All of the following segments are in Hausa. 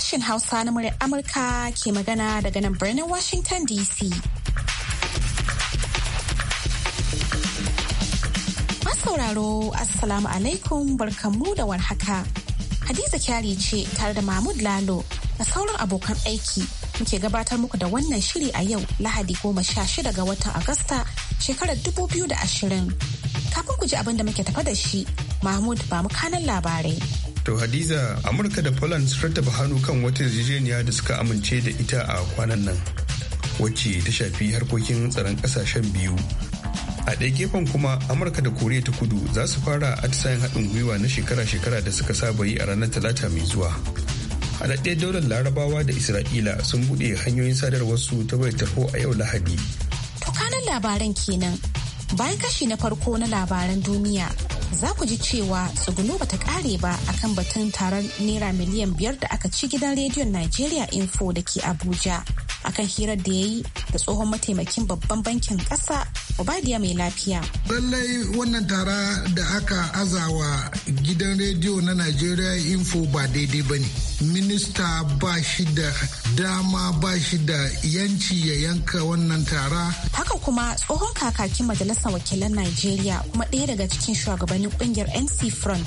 sashen Hausa na muryar Amurka ke magana daga nan birnin Washington DC. Masauraro, Assalamu alaikum barkanmu da warhaka. Hadiza kyari ce tare da Mahmud Lalo da sauran abokan aiki muke gabatar muku da wannan shiri a yau Lahadi goma sha shida ga watan Agusta shekarar dubu biyu da ashirin. Kafin ku ji abin da muke tafa da shi, Mahmud ba mu kanan labarai. To Hadiza, Amurka da Poland sun rattaba hannu kan wata yarjejeniya da suka amince da ita a kwanan nan, wacce ta shafi harkokin tsaron ƙasashen biyu. A ɗaya gefen kuma Amurka da Koriya ta Kudu za su fara atisayen haɗin gwiwa na shekara-shekara da suka saba yi a ranar Talata mai zuwa. A daɗe daular larabawa da isra'ila sun buɗe hanyoyin sadarwarsu ta bai tarho a yau lahadi to kanan labaran kenan bayan kashi na farko na labaran duniya za ku ji cewa tsuguno bata kare ba akan batun taron naira miliyan biyar da aka ci gidan rediyon Nigeria Info da ke Abuja akan hirar da ya yi da tsohon mataimakin babban bankin ƙasa Obadiya mai lafiya. Lallai wannan tara da aka azawa gidan rediyo na Nigeria Info ba daidai ba ne. minista ba shi da dama ba shi da yanci ya yanka wannan tara. Haka kuma tsohon kakakin majalisar wakilan Najeriya kuma ɗaya daga cikin shugabannin kungiyar NC Front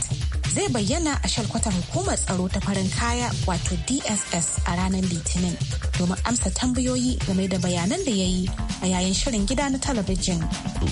zai bayyana a shalkwatar hukumar tsaro ta farin kaya wato DSS a ranar Litinin domin amsa tambayoyi game da bayanan da ya yi a yayin shirin gida na talabijin.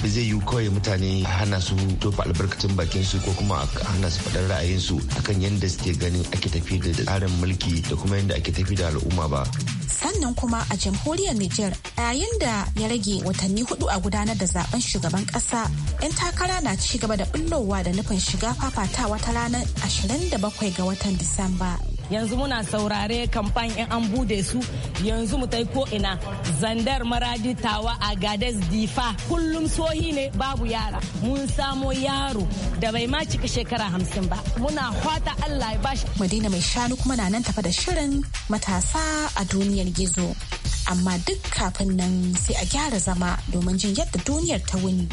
Zai yi kawai mutane hana su tofa albarkacin bakin su ko kuma hana su faɗar ra'ayin akan yadda suke ganin ake tafi da tsarin tsarin mulki da kuma yadda ake tafi da al'umma ba sannan kuma a jamhuriyar Nijar yayin da ya rage watanni hudu a gudanar da zaben shugaban kasa 'yan takara na ci gaba da bullowa da nufin shiga fafatawa ta ranar 27 ga watan Disamba. yanzu muna saurare kamfan in an bude su yanzu mu ko ina zandar maradi tawa a gades difa kullum sohi ne babu yara mun samo yaro da bai ma cika shekara hamsin ba muna fata allah ya bashi madina mai shanu kuma na nan tafa da shirin matasa a duniyar gizo amma duk kafin nan sai a gyara zama domin jin yadda duniyar ta wuni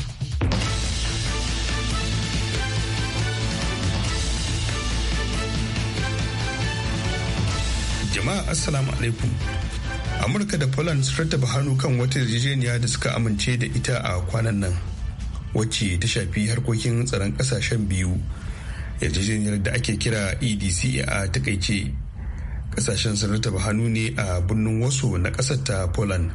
assalamu alaikum amurka da poland sun rattaba hannu kan wata yarjejeniya da suka amince da ita a kwanan nan wacce ta shafi harkokin tsaron kasashen biyu yarjejeniyar da ake kira edc a takaice kasashen sun rattaba hannu ne a birnin wasu na kasar ta poland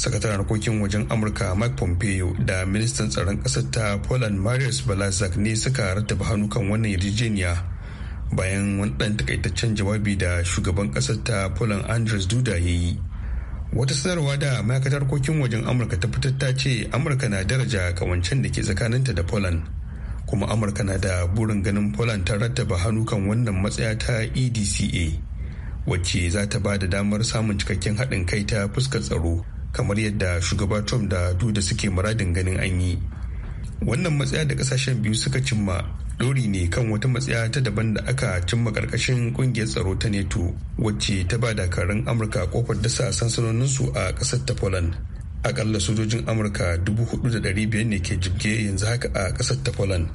sakataren harkokin wajen amurka mike pompeo da ministan tsaron kasar ta poland marius balazak ne suka rattaba hannu kan wannan yarjejeniya bayan wani ɗan takaitaccen jawabi da shugaban ƙasar ta poland andres duda ya yi wata sanarwa da ma'aikatar harkokin wajen amurka ta fitar ta ce amurka na daraja kawancen da ke tsakaninta da poland kuma amurka na da burin ganin poland ta rattaba hannu kan wannan matsaya ta edca wacce za ta ba da damar samun cikakken haɗin kai ta fuskar tsaro kamar yadda shugaba trump da duda suke muradin ganin an yi wannan matsaya da kasashen biyu suka cimma dori ne kan wata matsaya ta daban da aka cimma karkashin kungiyar tsaro ta neto wacce ta ba dakarun amurka kofar dasa sansanoninsu a kasar ta poland akalla sojojin amurka 4,500 ne ke jibge yanzu haka a kasar ta poland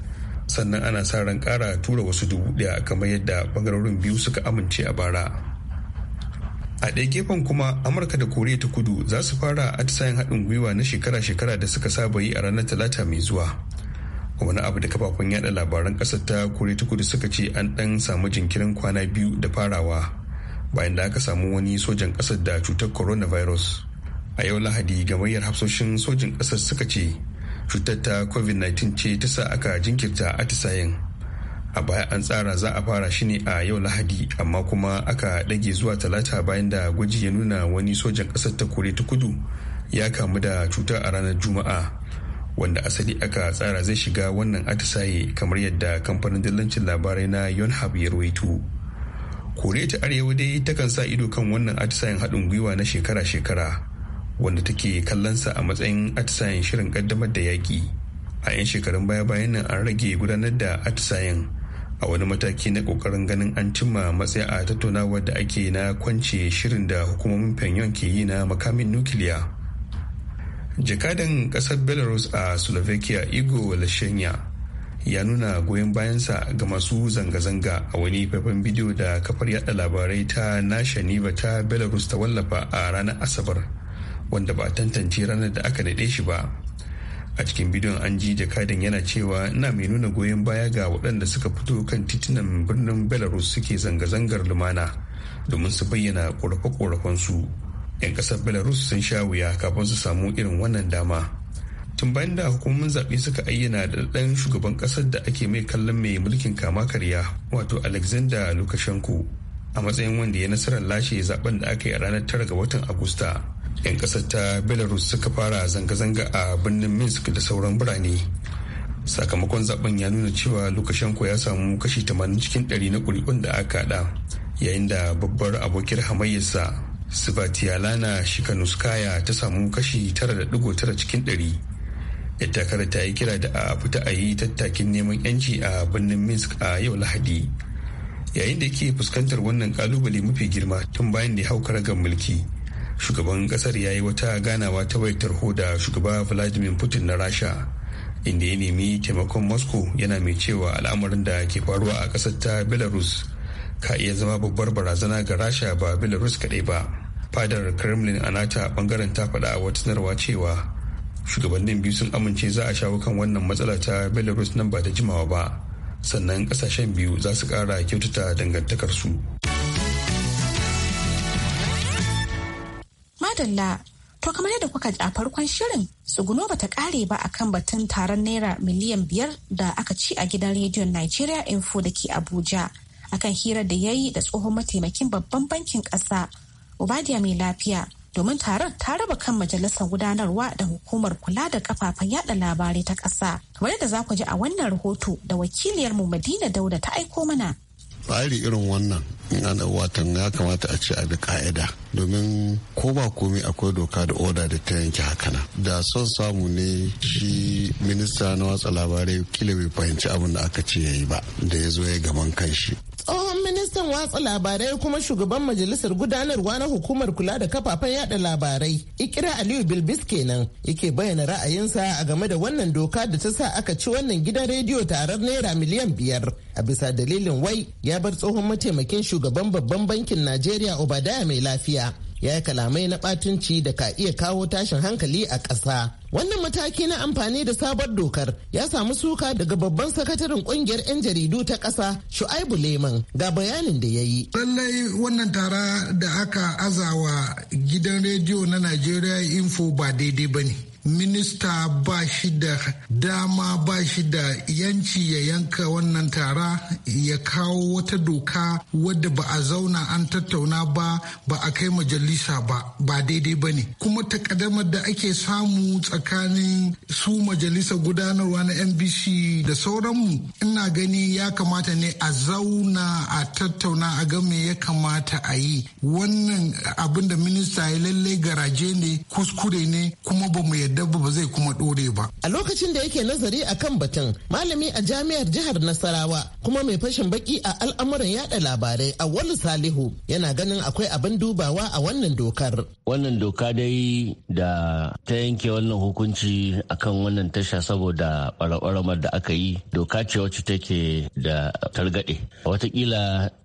sannan ana sa ran kara tura wasu dubu daya kamar yadda bangarorin biyu suka amince a bara a ɗaya gefen kuma amurka da koriya ta kudu za su fara atisayen haɗin gwiwa na shekara-shekara da suka saba yi a ranar talata mai zuwa wani abu da kafafen yada labaran kasar ta kore ta kudu suka ce an dan samu jinkirin kwana biyu da farawa bayan da aka samu wani sojan kasar da cutar coronavirus a yau lahadi gamayyar hafsoshin sojin kasar suka ce cutar ta covid-19 ce ta sa aka jinkirta atisayen a baya an tsara za a fara shi ne a yau lahadi amma kuma aka ɗage zuwa talata bayan da gwaji ya nuna wani sojan ƙasar ta kore ta kudu ya kamu da cutar a ranar juma'a wanda asali aka tsara zai shiga wannan atisaye kamar yadda kamfanin dillancin labarai na yonhap ya ruwaito koriya ta arewa dai takan sa ido kan wannan atisayen haɗin gwiwa na shekara-shekara wanda take kallonsa a matsayin atisayen shirin ƙaddamar da yaƙi a 'yan shekarun baya-bayan nan an rage gudanar da atisayen a wani mataki na kokarin ganin an cimma matsaya a tattaunawar da ake na kwance shirin da hukumomin pyongyang ke yi na makamin nukiliya jakadan kasar belarus a slovakia igo lashenya ya nuna goyon bayansa ga masu zanga-zanga a wani faifan bidiyo da kafar yada labarai ta nashaniva ta belarus ta wallafa a ranar asabar wanda ba tantance ranar da aka daɗe shi ba a cikin bidiyon an ji jakadan yana cewa ina mai nuna goyon baya ga waɗanda suka fito kan titunan birnin belarus suke zanga-zangar lumana domin su bayyana ƙorafe su. 'yan kasar belarus sun sha wuya kafin su samu irin wannan dama tun bayan da hukumomin zaɓe suka ayyana da ɗan shugaban ƙasar da ake mai kallon mai mulkin kama karya wato alexander lukashenko a matsayin wanda ya nasarar lashe zaben da aka yi a ranar tara ga watan agusta 'yan ƙasar ta belarus suka fara zanga-zanga a birnin minsk da sauran birane sakamakon zaben ya nuna cewa lukashenko ya samu kashi 80 cikin 100 na ƙuri'un da aka haɗa yayin da babbar abokin hamayyarsa Svatlana nuskaya ta samu kashi tara da 9.9 cikin 100. takarar ta yi kira da a fita a yi tattakin neman yanci a birnin Minsk a yau Lahadi. Yayin da yake fuskantar wannan kalubale mafi girma tun bayan da ya hau karagar mulki. Shugaban kasar ya yi wata ganawa ta wayar tarho da shugaba Vladimir Putin na Rasha. Inda ya nemi taimakon Moscow yana mai cewa al'amarin da ke faruwa a ƙasar ta Belarus ka iya zama babbar barazana ga Rasha ba Belarus kaɗai ba. fadar kremlin a nata bangaren ta faɗa wata sanarwa cewa shugabannin biyu sun amince za a shawo kan wannan matsala ta belarus nan ba da jimawa ba sannan kasashen biyu za su ƙara kyautata dangantakarsu madalla to kamar yadda kuka ji a farkon shirin tsuguno bata kare ba akan batun taron naira miliyan biyar da aka ci a gidan rediyon nigeria info da ke abuja akan hirar da ya yi da tsohon mataimakin babban bankin ƙasa obadiya mai lafiya domin taron ta raba kan majalisar gudanarwa da hukumar kula da kafafen yada labarai ta ƙasa kamar da za ku ji a wannan rahoto da wakiliyarmu madina dauda ta aiko mana tsari irin wannan ana watan ya kamata a ce a bi ka'ida domin ko ba komai akwai doka da oda da ta yanke hakana da son samu ne shi minista na watsa labarai kila bai fahimci abin da aka ce ya yi ba da ya zo ya gaban kanshi tsohon ministan watsa labarai kuma shugaban majalisar gudanarwa na hukumar kula da kafafen yada labarai ikira aliyu bilbis kenan yake bayyana ra'ayinsa a game da wannan doka da ta sa aka ci wannan gidan rediyo tarar naira miliyan biyar a bisa dalilin wai ya bar tsohon mataimakin shugaban shugaban babban bankin Najeriya Obadiah mai lafiya ya yi kalamai na ɓatunci da ka iya kawo tashin hankali a ƙasa. Wannan mataki na amfani da sabon dokar ya samu suka daga babban sakataren ƙungiyar 'yan jaridu ta ƙasa Shu'aibu Leman ga bayanin da ya yi. Lallai wannan tara da aka azawa gidan rediyo na Najeriya Info ba daidai ba ne. minista ba shi da dama ba shi da yanci ya yanka wannan tara ya kawo wata doka wadda ba a zauna an tattauna ba ba a kai majalisa ba ba daidai ba ne kuma takaddamar da ake samu tsakanin su majalisa gudanarwa na nbc da sauranmu ina gani ya kamata ne a zauna a tattauna a ga me ya kamata a yi wannan abin da minista ya lallai garaje ne kuskure ne kuma ba mu yarda dabba ba zai kuma dore ba a lokacin da yake nazari a kan batun malami a jami'ar jihar nasarawa kuma mai fashin baki a al'amuran yada labarai awwalu salihu yana ganin akwai abin dubawa a wannan dokar wannan doka dai da ta yanke wannan hukunci akan wannan tasha saboda ɓarabaramar da aka yi doka ce wacce take da targaɗe watakila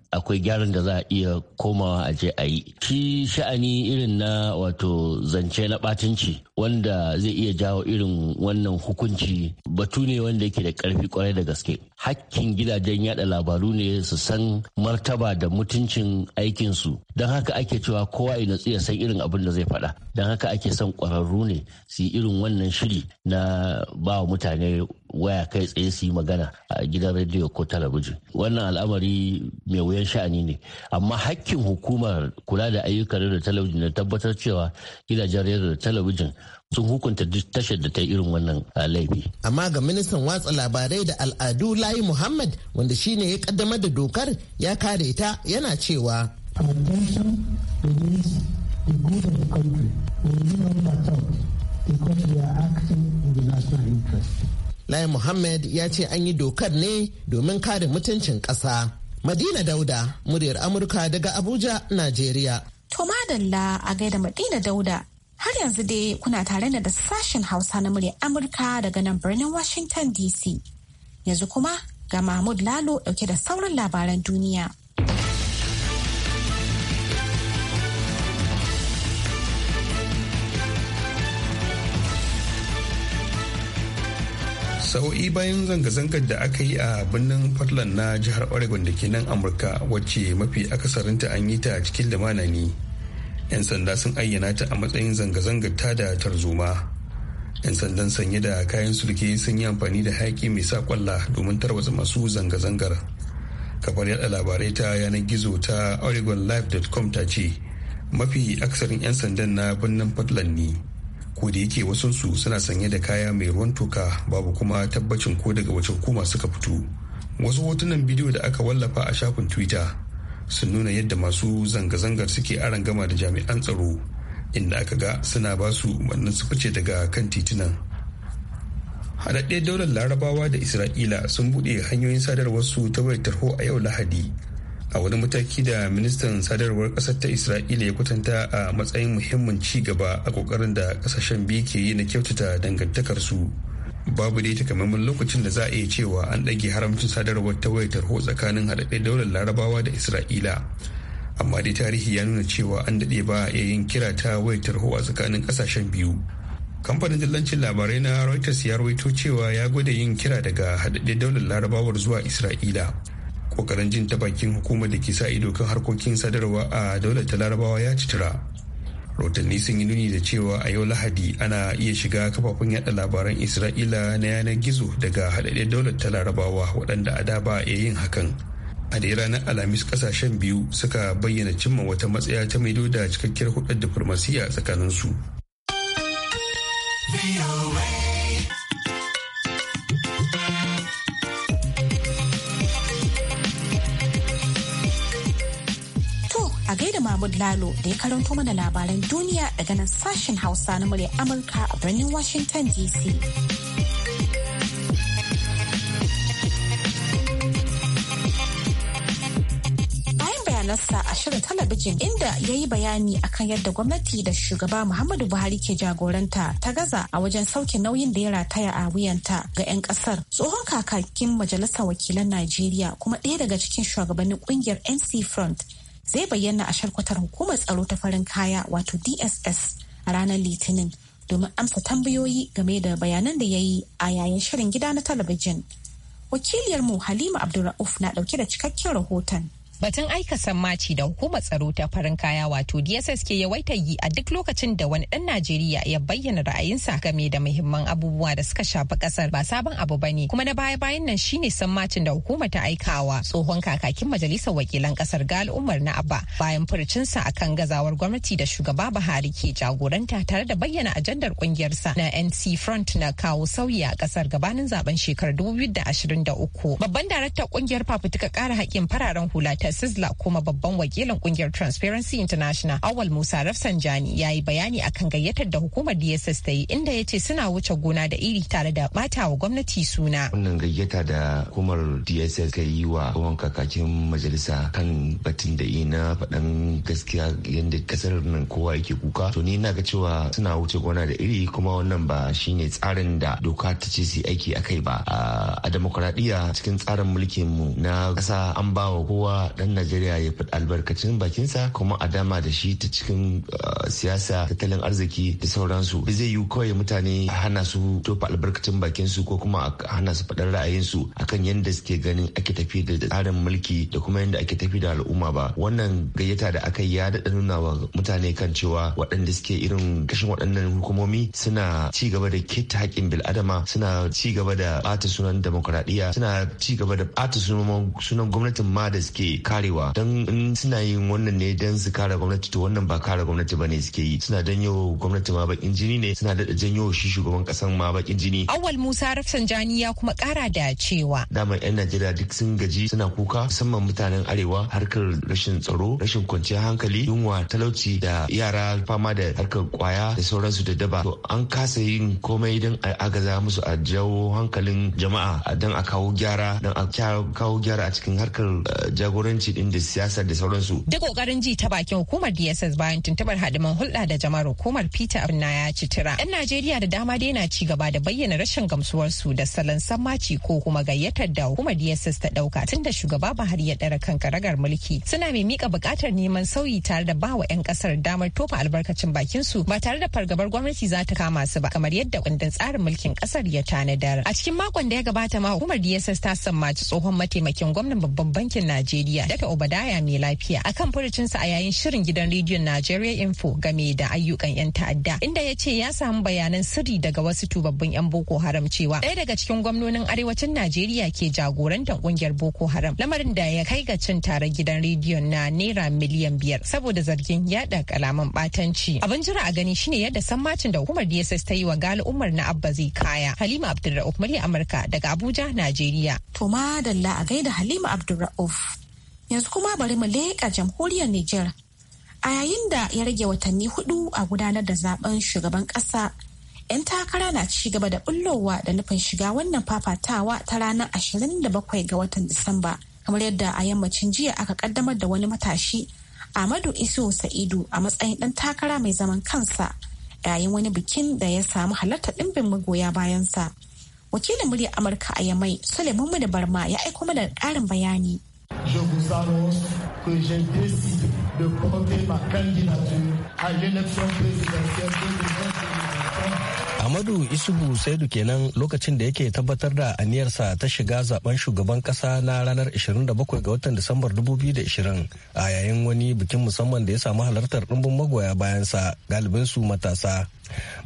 akwai gyaran da za a iya komawa a je a yi shi sha'ani irin na wato zance na batunci wanda zai iya jawo irin wannan hukunci batu ne wanda yake da karfi kwarai da gaske hakkin gidajen yada labaru ne su san martaba da mutuncin aikinsu don haka ake cewa kowa ya natsu ya san irin abin da zai faɗa don haka ake son kwararru ne su yi irin wannan shiri na ba mutane waya kai tsaye su yi magana a gidan rediyo ko talabijin wannan al'amari mai wuyan sha'ani ne amma hakkin hukumar kula da ayyukan rediyo da talabijin na tabbatar cewa gidajen rediyo da talabijin sun hukunta duk tashar da ta irin wannan ah, laifi. Amma ga ministan watsa labarai da al'adu Layi Muhammad wanda shine ya kaddamar da dokar ya kare ta yana cewa. because we are acting in the national interest. Lai Muhammad ya ce an yi dokar ne domin kare mutuncin ƙasa. Madina Dauda, muryar Amurka daga Abuja, Najeriya. To madalla a gaida Madina Dauda. Har yanzu dai kuna tare da sashen Hausa na muryar Amurka daga nan birnin Washington DC. Yanzu kuma ga Mahmud Lalo dauke da sauran labaran duniya. sa'o'i bayan zanga-zangar da aka yi a birnin portland na jihar oregon da ke nan amurka wacce mafi akasarinta an yi ta cikin lumana ne 'yan sanda sun ayyana ta a matsayin zanga-zangar ta da tarzoma 'yan sandan sanye da kayan sulke sun yi amfani da hayaki mai sa kwalla domin tarwatsa masu zanga-zangar kafar yada labarai ta yanar gizo ta oregonlife.com ta ce mafi akasarin 'yan sandan na birnin portland ne ko da yake wasansu suna sanye da kaya mai ruwan toka babu kuma tabbacin ko daga wace hukuma suka fito wasu hotunan bidiyo da aka wallafa a shafin twitter sun nuna yadda masu zanga-zangar suke gama da jami'an tsaro inda aka ga suna ba su wannan su fice daga kan titunan haɗaɗɗen daular larabawa da isra'ila sun buɗe hanyoyin sadarwarsu ta wayar tarho a yau lahadi a wani mataki da ministan sadarwar kasar ta isra'ila ya kwatanta a matsayin muhimmin ci gaba a kokarin da kasashen biyu ke yi na kyautata dangantakarsu babu dai takamaiman lokacin da za a iya cewa an ɗage haramcin sadarwar ta wayar tarho tsakanin haɗaɗe daular larabawa da isra'ila amma dai tarihi ya nuna cewa an daɗe ba a yin kira ta wayar tarho a tsakanin kasashen biyu kamfanin dillancin labarai na reuters ya rawaito cewa ya gwada yin kira daga haɗaɗe daular larabawar zuwa isra'ila kokarin jin ta bakin hukumar da ke sa ido kan harkokin sadarwa a daular ta larabawa ya citira rotanni sun yi nuni da cewa a yau lahadi ana iya shiga kafafen yada labaran isra'ila na yanar gizo daga haɗaɗɗen daular ta larabawa waɗanda a da ba a yin hakan a da ranar alhamis kasashen biyu suka bayyana cimma wata matsaya ta maido da cikakkiyar hudar diflomasiyya tsakaninsu Mahmud Lalo da ya karanto mana labaran duniya daga nan sashen Hausa na murya Amurka a birnin Washington DC. nasa a shirin talabijin inda ya yi bayani akan yadda gwamnati da shugaba Muhammadu Buhari ke jagoranta ta gaza a wajen sauke nauyin da ya rataya a wuyanta ga 'yan kasar. Tsohon kakakin Majalisar Wakilan Najeriya kuma ɗaya daga cikin shugabannin kungiyar NC Front zai bayyana a sharkwatar hukumar tsaro ta farin kaya wato dss a ranar litinin domin amsa tambayoyi game da bayanan da ya yi a yayin shirin gida na talabijin wakiliyarmu halima abdulra'uf na dauke da cikakken rahoton Batun aika sammaci da hukumar tsaro ta farin kaya wato DSS ke yawaita yi a duk lokacin da wani dan Najeriya ya bayyana ra'ayinsa game da muhimman abubuwa da suka shafi kasar ba sabon abu ba ne kuma na baya-bayan nan shine sammacin da hukuma ta aikawa tsohon kakakin majalisar wakilan ƙasar ga Umar na Abba bayan furcinsa akan gazawar gwamnati da shugaba Buhari ke jagoranta tare da bayyana ajandar ƙungiyarsa na NC Front na kawo sauyi a ƙasar gabanin zaben shekarar 2023. Babban daraktan ƙungiyar fafutuka kara haƙƙin fararen hula ta Peter sisla kuma babban wakilin kungiyar Transparency International Awal Musa Rafsanjani ya yi bayani akan gayyatar da hukumar DSS ta yi inda ya ce suna wuce gona da iri tare da bata wa gwamnati suna. Wannan gayyata da hukumar DSS ka yi wa tsohon kakakin majalisa kan batun da na faɗan gaskiya yadda kasar nan kowa yake kuka. To ni na ga cewa suna wuce gona da iri kuma wannan ba shine tsarin da doka ta ce su aiki a kai ba. A demokuraɗiyya cikin tsarin mulkin mu na kasa an ba wa kowa dan najeriya ya fi albarkacin bakinsa kuma a dama da shi ta cikin uh, siyasa tattalin arziki da sauransu ba zai yi kawai mutane hana su tofa albarkacin bakinsu ko kuma a hana su faɗar ra'ayinsu akan yadda suke ganin ake tafi da tsarin mulki da kuma yadda ake tafi da al'umma ba wannan gayyata da aka yi ya daɗa nuna wa mutane kan cewa waɗanda suke irin kashin waɗannan hukumomi suna ci gaba da keta haƙƙin bil'adama suna ci gaba da ɓata sunan demokuraɗiyya suna ci gaba da ɓata sunan gwamnatin ma da suke karewa don in suna yin wannan ne don su kare gwamnati to wannan ba kare gwamnati ba ne suke yi suna janyo gwamnati ma bakin jini ne suna da janyo shi shugaban kasan ma bakin jini. Awal Musa Rafsanjani ya kuma kara da cewa. Dama 'yan Najeriya duk sun gaji suna kuka musamman mutanen arewa harkar rashin tsaro rashin kwanciyar hankali yunwa talauci da yara fama da harkar kwaya da sauransu da daba to an kasa yin komai don a agaza musu a jawo hankalin jama'a don a kawo gyara don a kawo gyara a cikin harkar eh, jagoranci shugabanci din da siyasa da sauransu. Duk kokarin ji ta bakin hukumar DSS bayan tuntubar hadiman hulɗa da jama'ar hukumar Peter Abna ya ci tira. 'Yan Najeriya da dama dai na ci gaba da bayyana rashin gamsuwarsu da salon sammaci ko kuma gayyatar da hukumar DSS ta dauka tun da shugaba Buhari ya dara kan karagar mulki. Suna mai mika buƙatar neman sauyi tare da bawa 'yan ƙasar damar tofa albarkacin bakinsu. ba tare da fargabar gwamnati za ta kama su ba kamar yadda kundin tsarin mulkin ƙasar ya tanadar. A cikin makon da ya gabata ma hukumar DSS ta sammaci tsohon mataimakin gwamnan babban bankin Najeriya Sa'adatu Obadaya mai lafiya a kan furucinsa a yayin shirin gidan rediyon Nigeria Info game da ayyukan 'yan ta'adda inda ya ce ya samu bayanan sirri daga wasu tubabbin 'yan Boko Haram cewa ɗaya daga cikin gwamnonin arewacin Najeriya ke jagorantar kungiyar Boko Haram lamarin da ya kai ga cin tare gidan rediyon na naira miliyan biyar saboda zargin yaɗa kalaman batanci. Abin jira a gani shine yadda sammacin da hukumar DSS ta yi wa Gali Umar na Abba zai kaya. Halima Abdulra'uf murya Amurka daga Abuja, Najeriya. To ma dalla a gaida Halima Abdulra'uf. yanzu kuma bari mu leƙa jamhuriyar Nijar. A yayin da ya rage watanni hudu a gudanar da zaben shugaban ƙasa, 'yan takara na ci gaba da bullowa da nufin shiga wannan fafatawa ta ranar 27 ga watan Disamba, kamar yadda a yammacin jiya aka kaddamar da wani matashi amadu iso Sa'idu a matsayin ɗan takara mai zaman kansa yayin wani bikin da ya samu halartar ɗimbin magoya bayansa. Wakilin muryar Amurka a Yamai, Suleiman Barma ya aiko mana ƙarin bayani. je vous annonce que j'ai décidé de porter ma candidature à l'élection présidentielle de Amadu Isubu Saidu kenan lokacin da yake tabbatar da aniyarsa ta shiga zaben shugaban kasa na ranar 27 ga watan Disambar 2020 a yayin wani bikin musamman da ya samu halartar ɗumbin magoya bayansa galibinsu matasa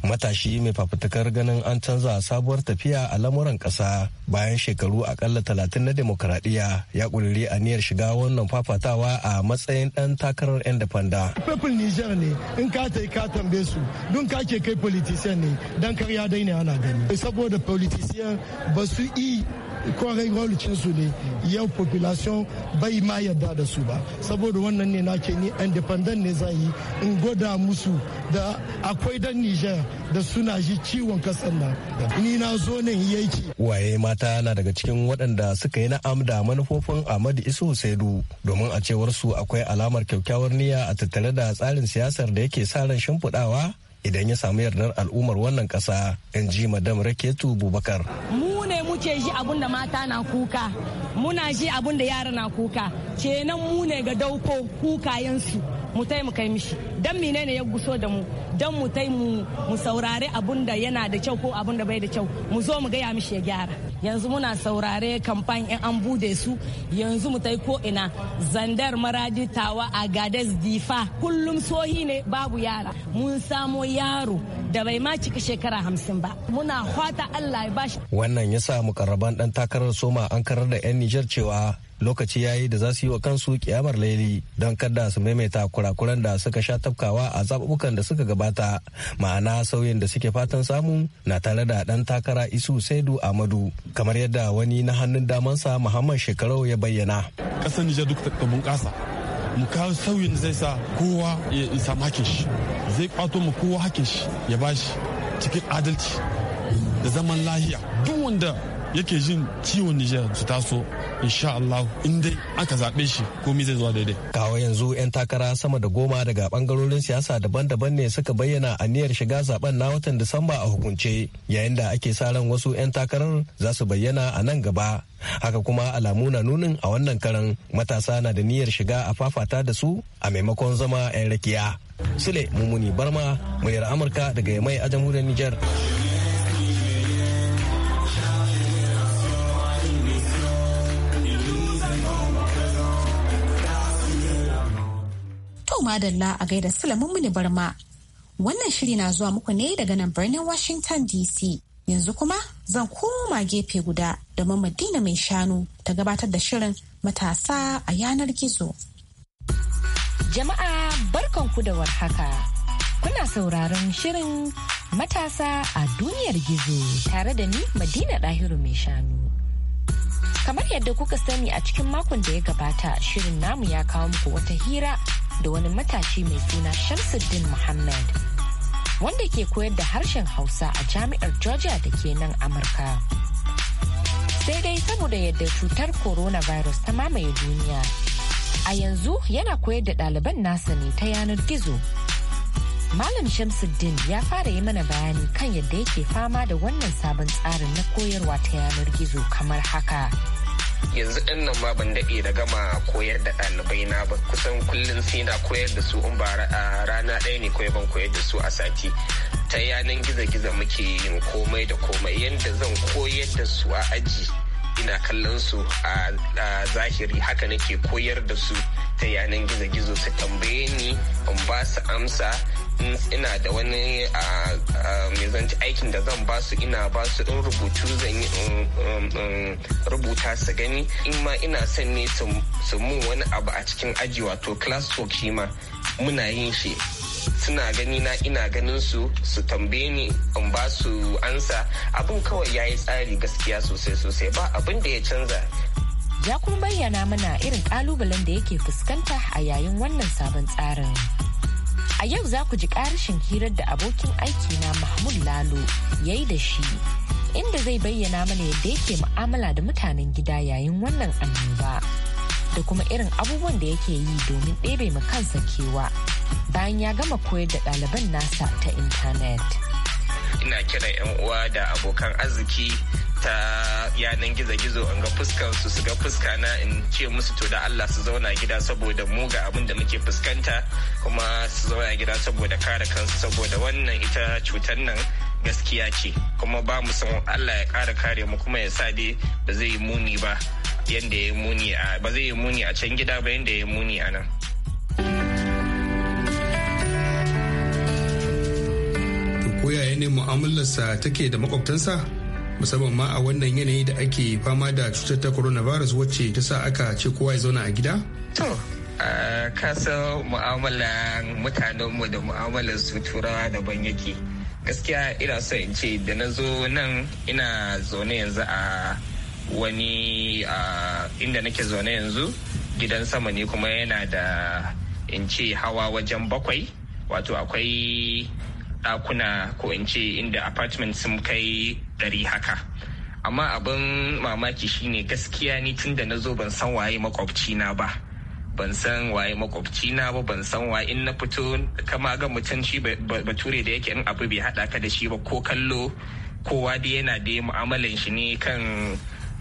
matashi mai fafutukar ganin an canza sabuwar tafiya a lamuran ƙasa bayan shekaru akalla talatin na demokaradiyya ya a aniyar shiga wannan fafatawa a matsayin ɗan takarar independa. People Niger ne in ka ta ka tambaye su don ka ke kai politician ne dan kar ya daina ana gani. Saboda politician ba su yi kwarai gwamnatin su ne yau population bai ma yarda da su ba saboda wannan ne nake ni independent ne zan yi in gwada musu da akwai dan Niger da suna ji ciwon kasan nan ni na zo ne yaki waye mata na daga cikin waɗanda suka yi na'am da manufofin Ahmadu Isu Saidu domin a cewar su akwai alamar kyakkyawar niyya a tattare da tsarin siyasar da yake sa ran shimfiɗawa idan ya samu yardar al'ummar wannan ƙasa in ji madam raketu bubakar mu muke ji abun da mata na kuka muna ji abun da yara na kuka kenan mu ne ga dauko kukayensu mu tai mu kai mishi dan menene ya guso da mu dan mu tai mu mu saurare abun da yana da kyau ko abun da bai da kyau mu zo mu gaya mishi ya gyara yanzu muna saurare kamfan in an bude su yanzu mu tai ko ina zandar maradi tawa a gades difa kullum sohi ne babu yara mun samo yaro da bai ma cika shekara hamsin ba muna fata allah ya bashi wannan ya sa mukarraban dan takarar soma an karar da yan nijar cewa lokaci ya yi da za su yi wa kansu kiyamar laili don kada su maimaita kurakuran da suka sha tafkawa a zaɓuɓɓukan da suka gabata ma'ana sauyin da suke fatan samu na tare da ɗan takara isu saidu amadu kamar yadda wani na hannun damansa muhammad shekarau ya bayyana kasan nijar duk mun kasa mu kawo sauyin da zai sa kowa ya samu hakin shi zai kwato mu kowa hakin shi ya bashi cikin adalci da zaman lahiya duk wanda yake jin ciwon Nijar su taso insha Allah in aka zaɓe shi komai zai zuwa daidai. Kawo yanzu 'yan takara sama da goma daga bangarorin siyasa daban-daban ne suka bayyana a aniyar shiga zaben na watan Disamba a hukunce yayin da ake sa ran wasu 'yan takarar za su bayyana a nan gaba. Haka kuma alamu na nunin a wannan karan matasa na da niyyar shiga a fafata da su a maimakon zama 'yan rakiya. Sule Mumuni Barma, muryar Amurka daga Yamai a jamhuriyar Nijar. madalla a gaida Sulaiman Barma. Wannan shiri na zuwa muku ne daga nan birnin Washington DC. Yanzu kuma zan koma gefe guda domin Madina mai shanu ta gabatar da shirin matasa a yanar gizo. Jama'a barkanku da warhaka. Kuna sauraron shirin matasa a duniyar gizo tare da ni Madina ɗahiru mai shanu. Kamar yadda kuka sani a cikin makon da ya gabata shirin namu ya kawo muku wata hira da wani matashi mai suna Shamsuddin Muhammad wanda ke koyar da harshen Hausa a jami'ar Georgia da ke nan Amurka. Sai dai saboda yadda cutar coronavirus ta mamaye duniya, a yanzu yana koyar da ɗaliban nasa ne ta yanar gizo. Malam Shamsuddin ya fara yi mana bayani kan yadda yake fama da wannan sabon tsarin na koyarwa ta yanar gizo kamar haka. yanzu ɗin nan ma ban daɗe da gama koyar da ɗalibai na ba kusan kullum sai na koyar da su in ba rana ɗaya ne kawai ban koyar da su a sati ta yanan gizo-gizo muke yin komai da komai yadda zan koyar da su a aji ina kallon su a zahiri haka nake koyar da su ta yanan gizo-gizo su tambaye ni in ba su amsa ina da wani mai zanci aikin da zan ba su ina ba su in rubutu zan yi rubuta su gani in ma ina son ne su mun wani abu a cikin aji wato class work shi ma muna yin shi suna gani na ina ganin su su tambaye ni in ba su ansa abin kawai ya yi tsari gaskiya sosai sosai ba abin da ya canza ya kuma bayyana mana irin kalubalen da yake fuskanta a yayin wannan sabon tsarin A yau za ku ji ƙarashin hirar da abokin aiki na Mahmud Lalo ya yi da shi, inda zai bayyana mana yadda yake mu'amala da mutanen gida yayin wannan annoba, da kuma irin abubuwan da yake yi domin ɗebe ma kansa kewa bayan ya gama koyar da ɗaliban nasa ta intanet. Ina kiran 'yan uwa da abokan arziki ta yanan gizo-gizo in ga fuskar su su ga fuska na in ce musu to da Allah su zauna gida saboda mu ga abin da muke fuskanta kuma su zauna gida saboda kare kansu saboda wannan ita cutar nan gaskiya ce kuma ba mu san Allah ya kara kare mu kuma ya sa dai ba zai yi muni ba yanda ya muni a ba zai yi muni a can gida ba yanda ya muni a nan ko yaya ne mu'amalarsa take da makwabtansa musamman ma a wannan yanayi da ake fama da cutar ta coronavirus wacce ta sa aka ce kowa ya zauna a gida? To, kasan mu'amalan mutanenmu da mu'amalar su turawa daban yake. Gaskiya ina so in ce da na zo nan ina zaune yanzu a wani inda nake zaune yanzu gidan sama ne kuma yana da in ce hawa wajen bakwai wato akwai ɗakuna ko in ce inda apartment sun kai dari haka amma abin mamaki shine gaskiya ni tun da na zo ban san waye makwabci na ba ban san waye makwabci na ba ban san waye in na fito kama ga mutum shi bature da yake in abu bai haɗa ka da shi ba ko kallo kowa dai yana da mu'amalan shi ne kan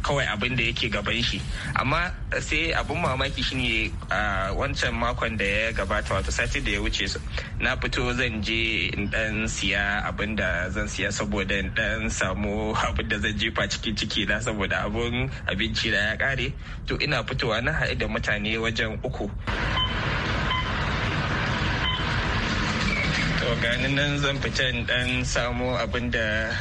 kawai abin da yake gaban shi amma sai abin mamaki shine a wancan makon da ya gabata wato sati da ya wuce na fito zan je in dan siya abin da zan siya saboda in dan samu abin da zan jefa cikin ciki na saboda abin abinci da ya kare to ina fitowa na haɗu da mutane wajen uku to ganin nan zan fita in dan samu abin da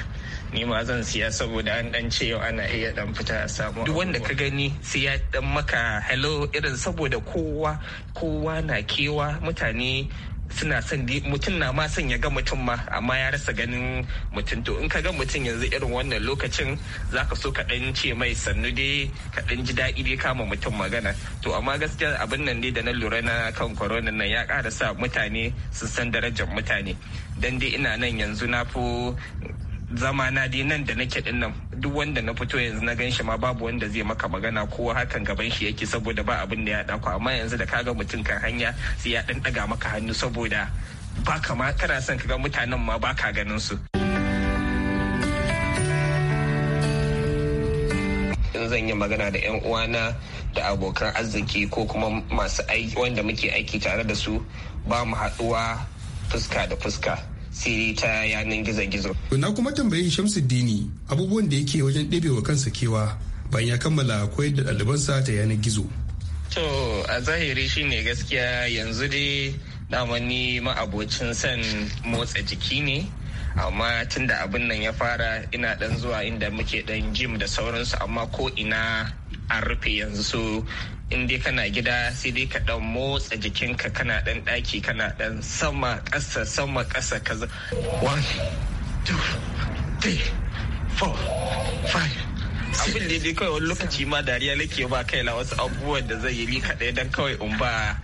ni ma zan siya saboda an dan ce ana iya dan fita a samu duk wanda ka gani sai ya dan maka hello irin saboda kowa kowa na kewa mutane suna son mutum na ma son ya ga mutum ma amma ya rasa ganin mutum to in ka ga mutum yanzu irin wannan lokacin zaka so ka dan ce mai sannu dai ka dan ji daɗi dai kama mutum magana to amma gaskiya abin nan dai da na lura na kan corona nan ya ƙara sa mutane sun san darajar mutane dan dai ina nan yanzu na fi zama na dai nan da nake din nan duk wanda na fito yanzu na ganshi ma babu wanda zai maka magana ko hakan gaban shi yake saboda ba abin da ya dako amma yanzu da kaga mutum kan hanya sai ya dan daga maka hannu saboda ba kama kana son ka ga mutanen ma baka ganin su in zan yi magana da 'yan uwana da abokan arziki ko kuma masu aiki wanda muke aiki tare da su ba mu haɗuwa fuska da fuska siri ta yanar gizo-gizo. Na kuma tambayi Shamsuddini abubuwan da yake wajen ɗebewa kansa kewa bayan ya kammala koyar da ɗalibansa ta yanar gizo. To a zahiri shine gaskiya yanzu dai damani ni ma'abocin son motsa jiki ne amma tun da abin nan ya fara ina dan zuwa inda muke dan jim da sauransu amma ko ina an rufe yanzu so in dai kana gida sai dai ka dan motsa jikinka kana dan daki kana dan sama ƙasa sama ƙasa kaza one abin da dai kawai wani lokaci ma dariya nake ba kai la wasu abubuwan da zai yi ni kaɗai dan kawai in ba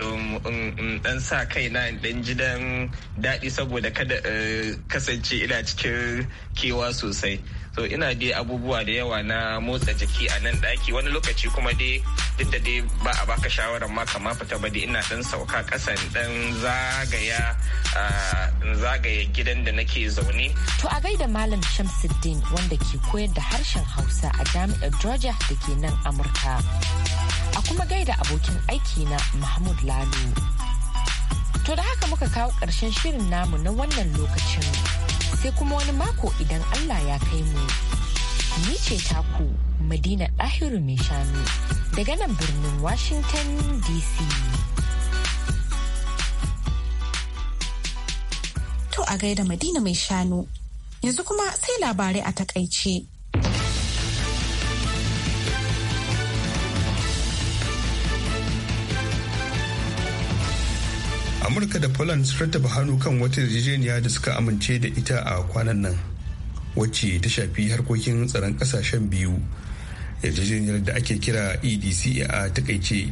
um, in dan sa kai na in dan ji dan daɗi saboda kada eh, kasance ina cikin kewa sosai so ina dai abubuwa da yawa na motsa jiki a nan daki wani lokaci kuma dai duk da dai ba a baka shawarar ma kama fita ba dai ina dan sauka ƙasa dan zagaya zagaya gidan da nake zaune. To a gaida Malam Shamsuddin wanda ke koyar da harshen Hausa a jami'ar Georgia da ke nan Amurka. A kuma gaida abokin aiki na Mahmud Lalu. To da haka muka kawo ƙarshen shirin namu na wannan lokacin. sai kuma wani mako idan Allah ya kai mu. Ni ce taku Madina Ɗahiru mai shanu daga nan birnin Washington DC. To a gaida Madina mai shanu, yanzu kuma sai labarai a takaice. amurka da poland su rattaba hannu kan wata yarjejeniya da suka amince da ita a kwanan nan wacce ta shafi harkokin tsaron kasashen biyu yarjejeniyar da ake kira edca a takaice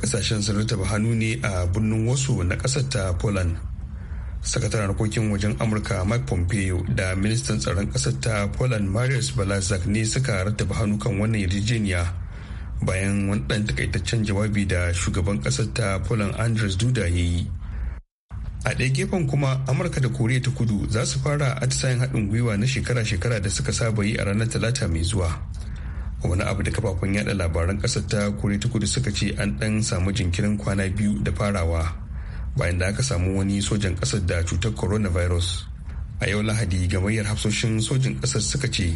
kasashen sun rattaba hannu ne a birnin wasu na kasar ta poland sakataren harkokin wajen amurka mike pompeo da ministan tsaron kasar ta poland marius balazak ne suka rattaba hannu kan wannan yarjejeniya bayan wani ɗan takaitaccen jawabi da shugaban ƙasar ta poland andres duda ya yi a ɗaya gefen kuma amurka da koriya ta kudu za su fara atisayen haɗin gwiwa na shekara-shekara da suka saba yi a ranar talata mai zuwa wani abu da kafafen yada labaran ƙasar ta koriya ta kudu suka ce an ɗan samu jinkirin kwana biyu da farawa bayan da aka samu wani sojan ƙasar da cutar coronavirus a yau lahadi gamayyar hafsoshin sojin ƙasar suka ce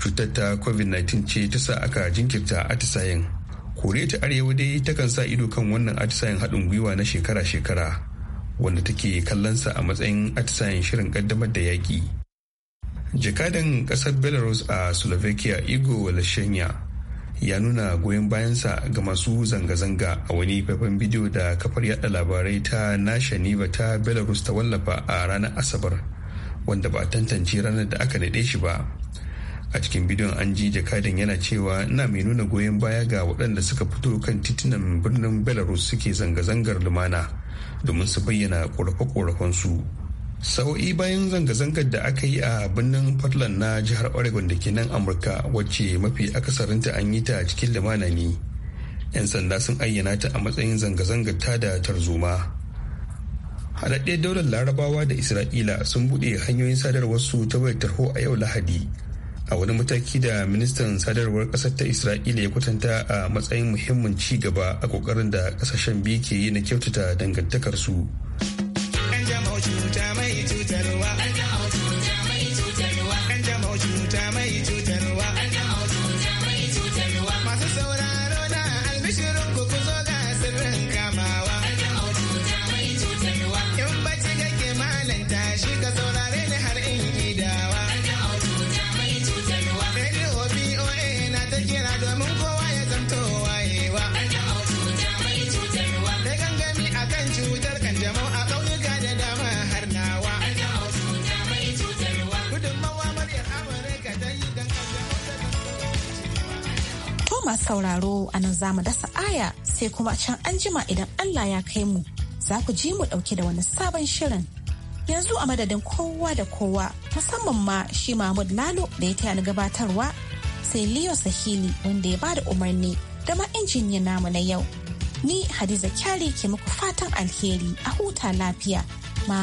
cutar ta covid-19 ce ta sa aka jinkirta atisayen koriya ta arewa dai takan sa ido kan wannan atisayen haɗin gwiwa na shekara-shekara wanda take kallonsa a matsayin atisayen shirin ƙaddamar da yaƙi jakadan ƙasar belarus a slovakia igor ya nuna goyon bayansa ga masu zanga-zanga a wani faifan bidiyo da kafar yada labarai ta nasha niva ta belarus ta wallafa a ranar asabar wanda ba tantance ranar da aka naɗe shi ba a cikin bidiyon an ji jakadan yana cewa na mai nuna goyon baya ga waɗanda suka fito kan titunan birnin belarus suke zanga-zangar lumana domin su bayyana ƙorafe-ƙorafensu sa'o'i bayan zanga-zangar da aka yi a birnin portland na jihar oregon da ke nan amurka wacce mafi akasarinta an yi ta cikin lumana ne 'yan sanda sun ayyana ta a matsayin zanga-zangar ta da tarzoma haɗaɗɗiyar daular larabawa da isra'ila sun buɗe hanyoyin sadarwar su ta wayar tarho a yau lahadi a wani mataki da ministan sadarwar kasar ta isra'ila ya kwatanta a matsayin muhimmin ci gaba a kokarin da kasashen biyu ke yi na kyautata dangantakarsu. sauraro a nan za mu dasa aya sai kuma can an jima idan Allah ya kai mu za ku ji mu ɗauke da wani sabon shirin. Yanzu a madadin kowa da kowa musamman ma shi Mahmud Lalo da ya taya ni gabatarwa sai Leo Sahili wanda ya bada umarni da ma injiniyan namu na yau. Ni Hadiza Kyari ke muku fatan alheri a huta lafiya. Ma